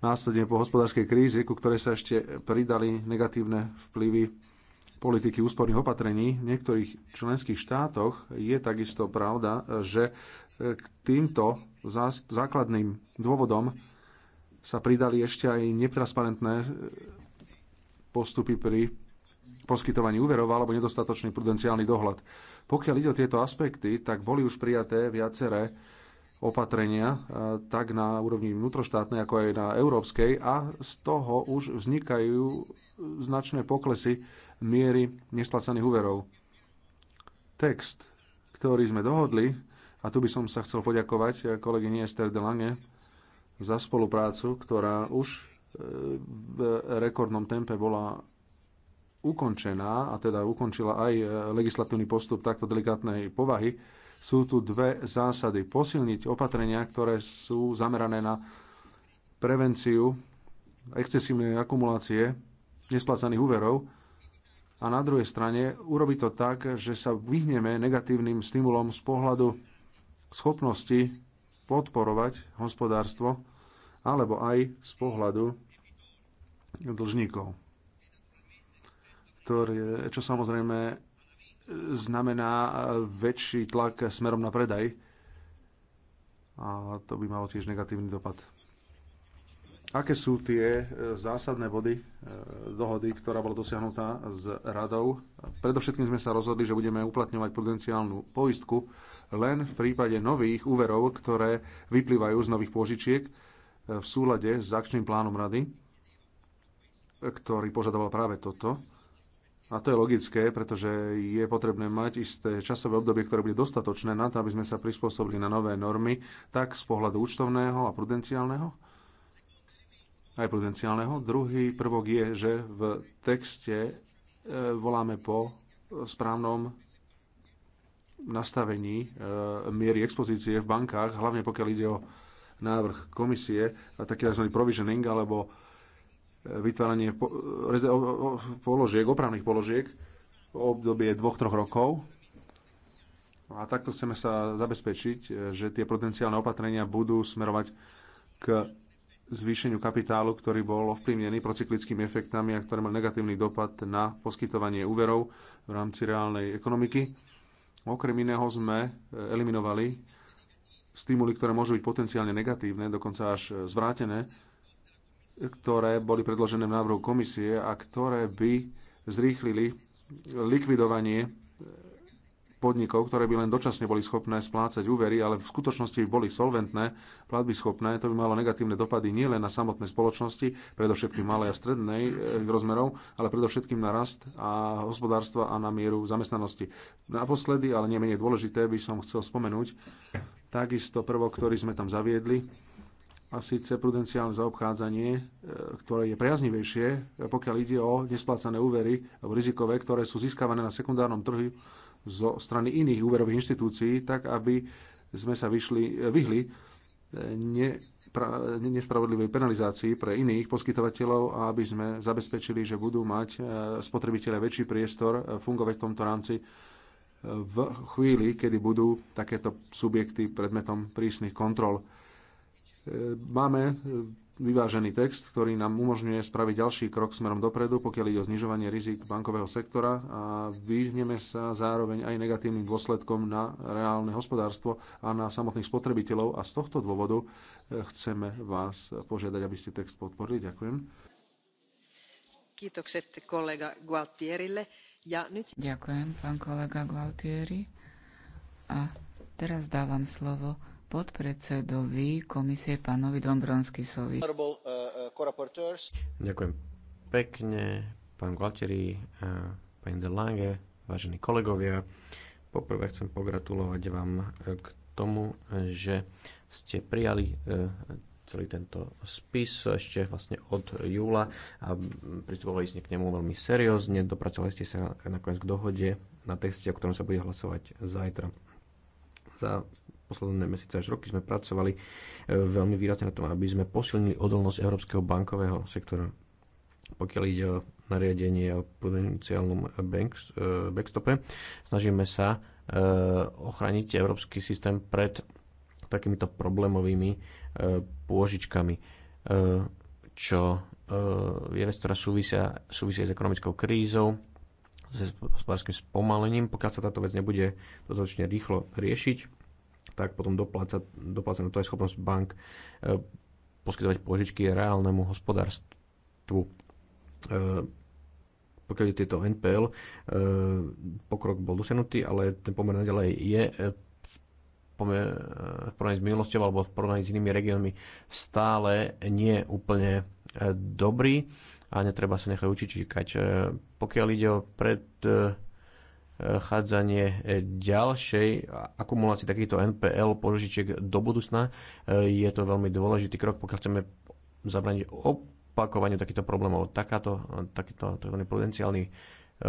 následne po hospodárskej kríze, ku ktorej sa ešte pridali negatívne vplyvy politiky úsporných opatrení. V niektorých členských štátoch je takisto pravda, že e, k týmto základným dôvodom sa pridali ešte aj netransparentné e, postupy pri poskytovaní úverov alebo nedostatočný prudenciálny dohľad. Pokiaľ ide o tieto aspekty, tak boli už prijaté viaceré opatrenia, e, tak na úrovni vnútroštátnej, ako aj na európskej a z toho už vznikajú značné poklesy miery nesplacaných úverov. Text, ktorý sme dohodli, a tu by som sa chcel poďakovať e, kolegyni Ester de Lange za spoluprácu, ktorá už e, v rekordnom tempe bola ukončená, a teda ukončila aj e, legislatívny postup takto delikátnej povahy, sú tu dve zásady. Posilniť opatrenia, ktoré sú zamerané na prevenciu excesívnej akumulácie nesplácaných úverov a na druhej strane urobiť to tak, že sa vyhneme negatívnym stimulom z pohľadu schopnosti podporovať hospodárstvo alebo aj z pohľadu dlžníkov ktorý, čo samozrejme znamená väčší tlak smerom na predaj. A to by malo tiež negatívny dopad. Aké sú tie e, zásadné body e, dohody, ktorá bola dosiahnutá s radou? Predovšetkým sme sa rozhodli, že budeme uplatňovať prudenciálnu poistku len v prípade nových úverov, ktoré vyplývajú z nových pôžičiek e, v súlade s akčným plánom rady, ktorý požadoval práve toto a to je logické, pretože je potrebné mať isté časové obdobie, ktoré bude dostatočné na to, aby sme sa prispôsobili na nové normy, tak z pohľadu účtovného a prudenciálneho, aj prudenciálneho. Druhý prvok je, že v texte e, voláme po správnom nastavení e, miery expozície v bankách, hlavne pokiaľ ide o návrh komisie, taký tzv. provisioning alebo vytváranie položiek, opravných položiek v obdobie dvoch, troch rokov. A takto chceme sa zabezpečiť, že tie potenciálne opatrenia budú smerovať k zvýšeniu kapitálu, ktorý bol ovplyvnený procyklickými efektami a ktoré mal negatívny dopad na poskytovanie úverov v rámci reálnej ekonomiky. Okrem iného sme eliminovali stimuly, ktoré môžu byť potenciálne negatívne, dokonca až zvrátené, ktoré boli predložené v návrhu komisie a ktoré by zrýchlili likvidovanie podnikov, ktoré by len dočasne boli schopné splácať úvery, ale v skutočnosti by boli solventné, platby schopné. To by malo negatívne dopady nielen na samotné spoločnosti, predovšetkým malej a strednej eh, rozmerov, ale predovšetkým na rast a hospodárstva a na mieru zamestnanosti. Naposledy, ale nemenej dôležité, by som chcel spomenúť takisto prvok, ktorý sme tam zaviedli, a síce prudenciálne zaobchádzanie, e, ktoré je priaznivejšie, e, pokiaľ ide o nesplácané úvery alebo rizikové, ktoré sú získavané na sekundárnom trhu zo strany iných úverových inštitúcií, tak aby sme sa vyšli, e, vyhli nepra, nespravodlivej penalizácii pre iných poskytovateľov a aby sme zabezpečili, že budú mať spotrebitelia väčší priestor fungovať v tomto rámci v chvíli, kedy budú takéto subjekty predmetom prísnych kontrol Máme e, vyvážený text, ktorý nám umožňuje spraviť ďalší krok smerom dopredu, pokiaľ ide o znižovanie rizik bankového sektora a vyhneme sa zároveň aj negatívnym dôsledkom na reálne hospodárstvo a na samotných spotrebiteľov a z tohto dôvodu e, chceme vás požiadať, aby ste text podporili. Ďakujem. Ďakujem, pán kolega Gualtieri. A teraz dávam slovo podpredsedovi komisie pánovi Dombronskisovi. Ďakujem pekne, pán Gualtieri, eh, pani De Lange, vážení kolegovia. Poprvé chcem pogratulovať vám eh, k tomu, eh, že ste prijali celý tento spis ešte vlastne od júla a pristupovali ste k nemu veľmi seriózne, dopracovali ste sa nakoniec k dohode na texte, o ktorom sa bude hlasovať zajtra. Za posledné mesiace až roky sme pracovali e, veľmi výrazne na tom, aby sme posilnili odolnosť európskeho bankového sektora. Pokiaľ ide o nariadenie o prudenciálnom e, backstope, snažíme sa e, ochraniť európsky systém pred takýmito problémovými pôžičkami, čo je vec, ktorá súvisia, súvisia s ekonomickou krízou, s hospodárským spomalením, pokiaľ sa táto vec nebude dostatočne rýchlo riešiť tak potom dopláca, dopláca na to aj schopnosť bank e, poskytovať požičky reálnemu hospodárstvu. E, pokiaľ je tieto NPL, e, pokrok bol dosiahnutý, ale ten pomer naďalej je v porovnaní s minulosťou alebo v porovnaní s inými regiónmi stále nie úplne dobrý a netreba sa nechať učičíkať. Pokiaľ ide o pred chádzanie ďalšej akumulácii takýchto NPL požičiek do budúcna. Je to veľmi dôležitý krok, pokiaľ chceme zabrániť opakovaniu takýchto problémov. Takáto, takýto tzv. prudenciálny e,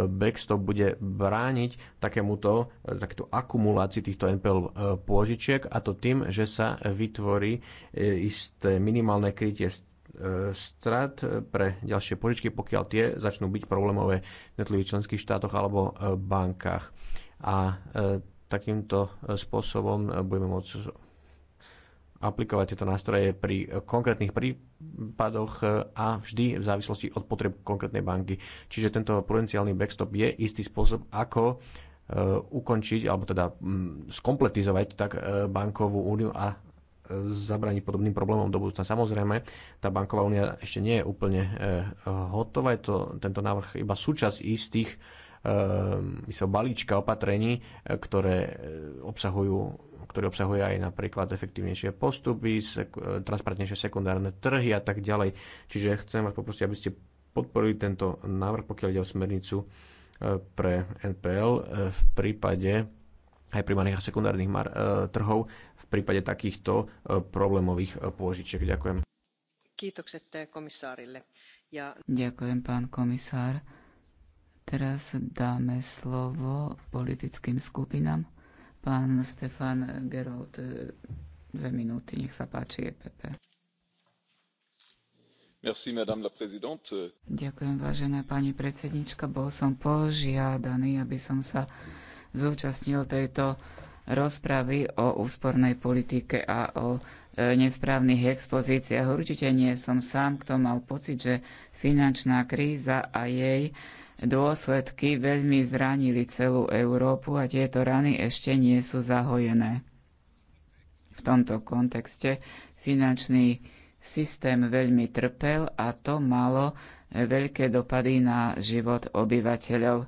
backstop bude brániť takémuto, e, takéto akumulácii týchto NPL e, pôžičiek a to tým, že sa vytvorí isté minimálne krytie E, strat pre ďalšie požičky, pokiaľ tie začnú byť problémové v netlivých členských štátoch alebo e, bankách. A e, takýmto spôsobom budeme môcť aplikovať tieto nástroje pri konkrétnych prípadoch a vždy v závislosti od potreb konkrétnej banky. Čiže tento prudenciálny backstop je istý spôsob, ako ukončiť alebo teda mm, skompletizovať tak bankovú úniu a zabraní podobným problémom do budúcna. Samozrejme, tá banková únia ešte nie je úplne eh, hotová. Je to, tento návrh iba súčasť istých eh, balíčka opatrení, eh, ktoré obsahujú ktorý obsahuje aj napríklad efektívnejšie postupy, sek- transparentnejšie sekundárne trhy a tak ďalej. Čiže chcem vás poprosiť, aby ste podporili tento návrh, pokiaľ ide o smernicu pre NPL v prípade aj primárnych a sekundárnych mar, e, trhov v prípade takýchto e, problémových e, pôžičiek. Ďakujem. Ja... Ďakujem, pán komisár. Teraz dáme slovo politickým skupinám. Pán Stefan Gerold, e, dve minúty, nech sa páči, EPP. Merci, madame la présidente. Ďakujem, vážená pani predsednička. Bol som požiadaný, aby som sa zúčastnil tejto rozpravy o úspornej politike a o e, nesprávnych expozíciách. Určite nie som sám, kto mal pocit, že finančná kríza a jej dôsledky veľmi zranili celú Európu a tieto rany ešte nie sú zahojené. V tomto kontexte finančný systém veľmi trpel a to malo veľké dopady na život obyvateľov.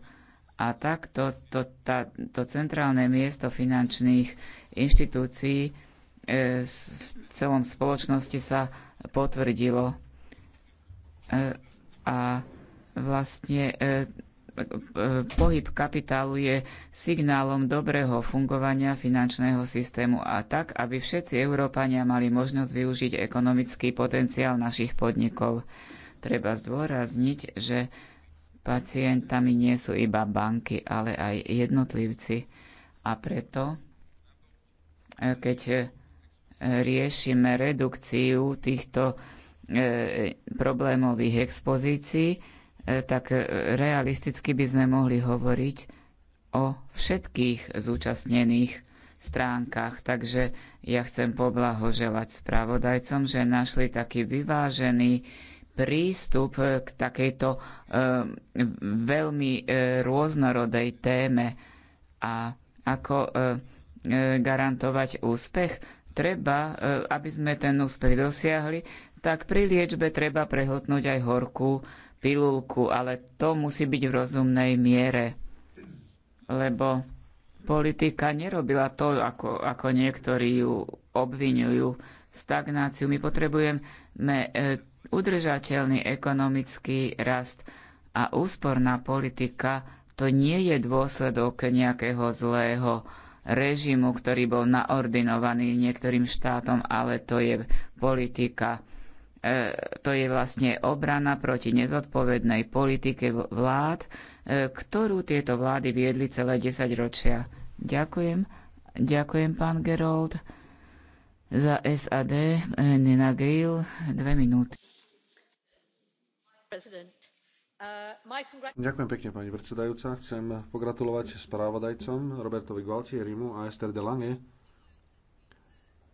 A takto to, tá, to centrálne miesto finančných inštitúcií e, s, v celom spoločnosti sa potvrdilo. E, a vlastne e, e, pohyb kapitálu je signálom dobrého fungovania finančného systému a tak, aby všetci Európania mali možnosť využiť ekonomický potenciál našich podnikov. Treba zdôrazniť, že Pacientami nie sú iba banky, ale aj jednotlivci. A preto, e, keď e, riešime redukciu týchto e, problémových expozícií, tak realisticky by sme mohli hovoriť o všetkých zúčastnených stránkach. Takže ja chcem poblahoželať spravodajcom, že našli taký vyvážený prístup k takejto eh, veľmi eh, rôznorodej téme a ako eh, garantovať úspech. Treba, aby sme ten úspech dosiahli, tak pri liečbe treba prehotnúť aj horkú pilulku, ale to musí byť v rozumnej miere, lebo politika nerobila to, ako, ako niektorí ju obvinujú, stagnáciu. My potrebujeme udržateľný ekonomický rast a úsporná politika to nie je dôsledok nejakého zlého režimu, ktorý bol naordinovaný niektorým štátom, ale to je politika. E, to je vlastne obrana proti nezodpovednej politike vlád, e, ktorú tieto vlády viedli celé 10 ročia. Ďakujem. Ďakujem, pán Gerold. Za SAD Nina Gale, dve minúty. Uh, Ďakujem pekne, pani predsedajúca. Chcem pogratulovať správodajcom Robertovi Gualtierimu a Ester de Lange.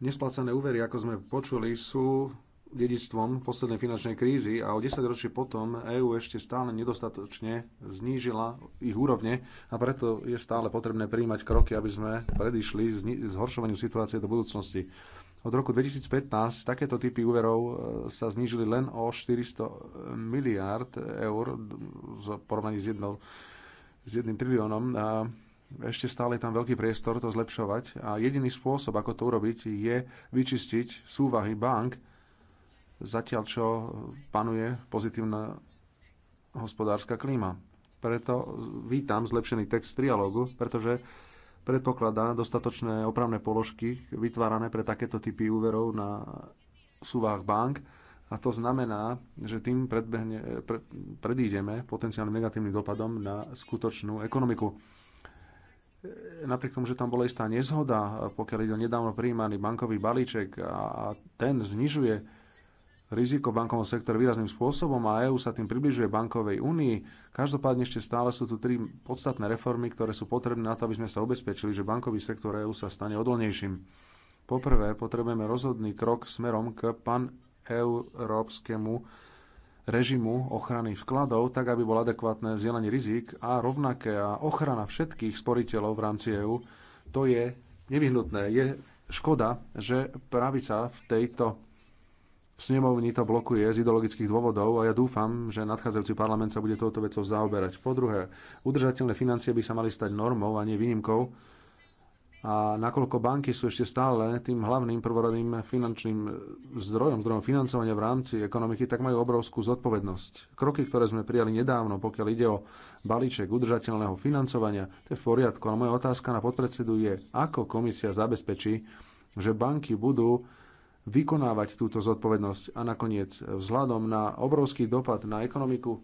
Nesplácané úvery, ako sme počuli, sú dedictvom poslednej finančnej krízy a o 10 ročí potom EÚ ešte stále nedostatočne znížila ich úrovne a preto je stále potrebné príjmať kroky, aby sme predišli zhoršovaniu situácie do budúcnosti. Od roku 2015 takéto typy úverov e, sa znížili len o 400 miliárd eur v porovnaní s, jednou, s jedným triliónom. A ešte stále je tam veľký priestor to zlepšovať a jediný spôsob, ako to urobiť, je vyčistiť súvahy bank, zatiaľ čo panuje pozitívna hospodárska klíma. Preto vítam zlepšený text trialógu, pretože predpokladá dostatočné opravné položky vytvárané pre takéto typy úverov na súvách bank. A to znamená, že tým predbehne, pred, predídeme potenciálnym negatívnym dopadom na skutočnú ekonomiku. Napriek tomu, že tam bola istá nezhoda, pokiaľ ide o nedávno prijímaný bankový balíček a ten znižuje riziko bankového sektora výrazným spôsobom a EÚ sa tým približuje bankovej únii. Každopádne ešte stále sú tu tri podstatné reformy, ktoré sú potrebné na to, aby sme sa ubezpečili, že bankový sektor EÚ sa stane odolnejším. Poprvé, potrebujeme rozhodný krok smerom k paneurópskemu režimu ochrany vkladov, tak aby bol adekvátne zdieľanie rizik a rovnaké a ochrana všetkých sporiteľov v rámci EÚ. To je nevyhnutné. Je škoda, že pravica v tejto snemovni to blokuje z ideologických dôvodov a ja dúfam, že nadchádzajúci parlament sa bude touto vecou zaoberať. Po druhé, udržateľné financie by sa mali stať normou a nie výnimkou. A nakoľko banky sú ešte stále tým hlavným prvoradým finančným zdrojom, zdrojom financovania v rámci ekonomiky, tak majú obrovskú zodpovednosť. Kroky, ktoré sme prijali nedávno, pokiaľ ide o balíček udržateľného financovania, to je v poriadku. Ale moja otázka na podpredsedu je, ako komisia zabezpečí, že banky budú vykonávať túto zodpovednosť. A nakoniec, vzhľadom na obrovský dopad na ekonomiku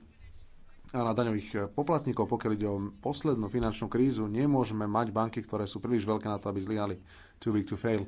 a na daňových poplatníkov, pokiaľ ide o poslednú finančnú krízu, nemôžeme mať banky, ktoré sú príliš veľké na to, aby zlyhali. Too big to fail.